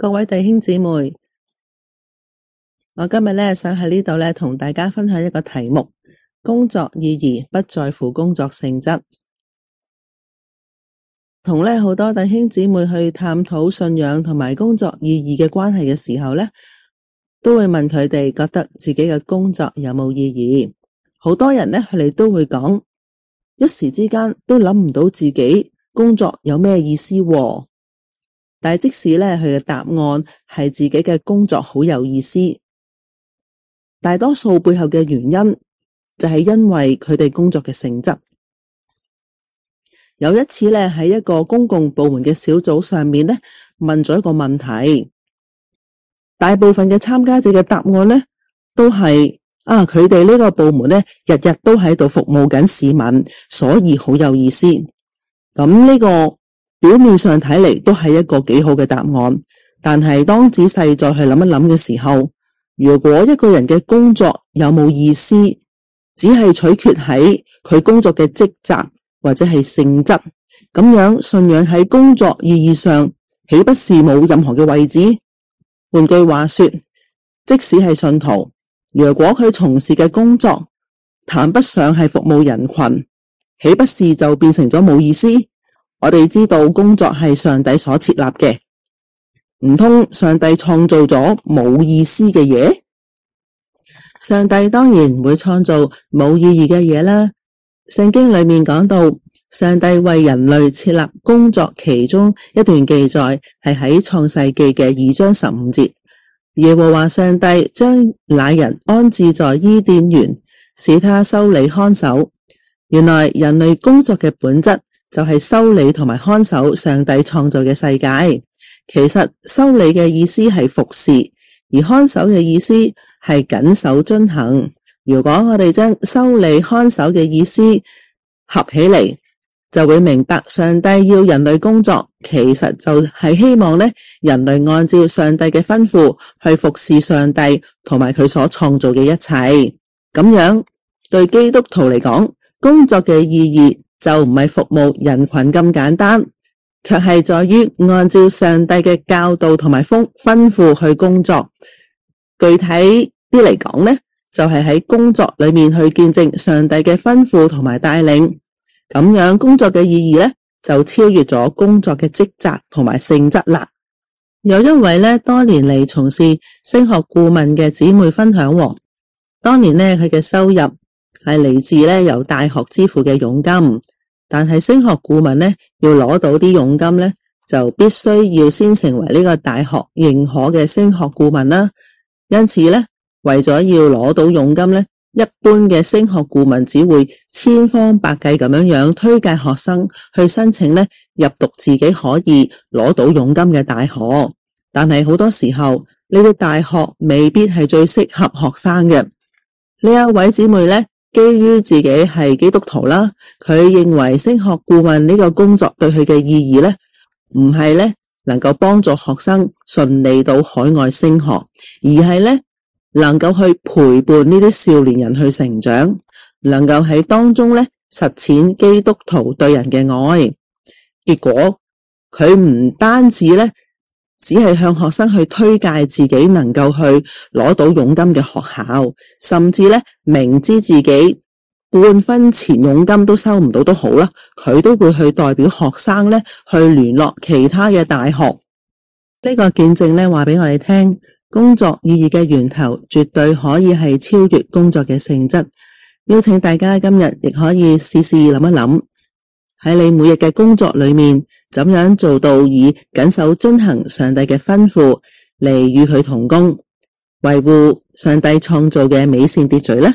各位弟兄姊妹，我今日咧想喺呢度咧同大家分享一個題目：工作意義不在乎工作性質。同咧好多弟兄姊妹去探討信仰同埋工作意義嘅關係嘅時候咧，都會問佢哋覺得自己嘅工作有冇意義？好多人咧，佢哋都會講，一時之間都諗唔到自己工作有咩意思。但即使咧，佢嘅答案係自己嘅工作好有意思，大多數背後嘅原因就係因為佢哋工作嘅性質。有一次咧，喺一個公共部門嘅小組上面咧，問咗一個問題，大部分嘅參加者嘅答案咧，都係啊，佢哋呢個部門咧，日日都喺度服務緊市民，所以好有意思。咁呢個，表面上睇嚟都係一個幾好嘅答案，但係當仔細再去諗一諗嘅時候，如果一個人嘅工作有冇意思，只係取決喺佢工作嘅職責或者係性質，咁樣信仰喺工作意義上，豈不是冇任何嘅位置？換句話說，即使係信徒，如果佢從事嘅工作談不上係服務人群，豈不是就變成咗冇意思？我哋知道工作係上帝所設立嘅，唔通上帝創造咗冇意思嘅嘢？上帝當然唔會創造冇意義嘅嘢啦。聖經裏面講到，上帝為人類設立工作，其中一段記載係喺創世記嘅二章十五節。耶和華上帝將那人安置在伊甸園，使他修理看守。原來人類工作嘅本質。就係修理同埋看守上帝創造嘅世界。其實修理嘅意思係服侍，而看守嘅意思係謹守遵行。如果我哋將修理、看守嘅意思合起嚟，就會明白上帝要人類工作，其實就係希望呢人類按照上帝嘅吩咐去服侍上帝同埋佢所創造嘅一切。咁樣，對基督徒嚟講，工作嘅意義。就唔係服務人群咁簡單，卻係在於按照上帝嘅教導同埋吩吩咐去工作。具體啲嚟講呢，就係喺工作裏面去見證上帝嘅吩咐同埋帶領。咁樣工作嘅意義呢，就超越咗工作嘅職責同埋性質啦。有一位呢，多年嚟從事升學顧問嘅姊妹分享，當年呢，佢嘅收入。係嚟自咧由大學支付嘅佣金，但係升學顧問咧要攞到啲佣金咧，就必須要先成為呢個大學認可嘅升學顧問啦。因此咧，為咗要攞到佣金咧，一般嘅升學顧問只會千方百計咁樣樣推介學生去申請咧入讀自己可以攞到佣金嘅大學。但係好多時候呢啲大學未必係最適合學生嘅。呢一位姊妹咧。基於自己係基督徒啦，佢認為升學顧問呢個工作對佢嘅意義呢，唔係呢能夠幫助學生順利到海外升學，而係呢能夠去陪伴呢啲少年人去成長，能夠喺當中呢實踐基督徒對人嘅愛。結果佢唔單止呢。只係向學生去推介自己能夠去攞到佣金嘅學校，甚至咧明知自己半分錢佣金都收唔到都好啦，佢都會去代表學生咧去聯絡其他嘅大學。呢個見證咧話俾我哋聽，工作意義嘅源頭絕對可以係超越工作嘅性質。邀請大家今日亦可以試試諗一諗，喺你每日嘅工作裏面。怎樣做到以謹守遵行上帝嘅吩咐嚟與佢同工，維護上帝創造嘅美善秩序咧？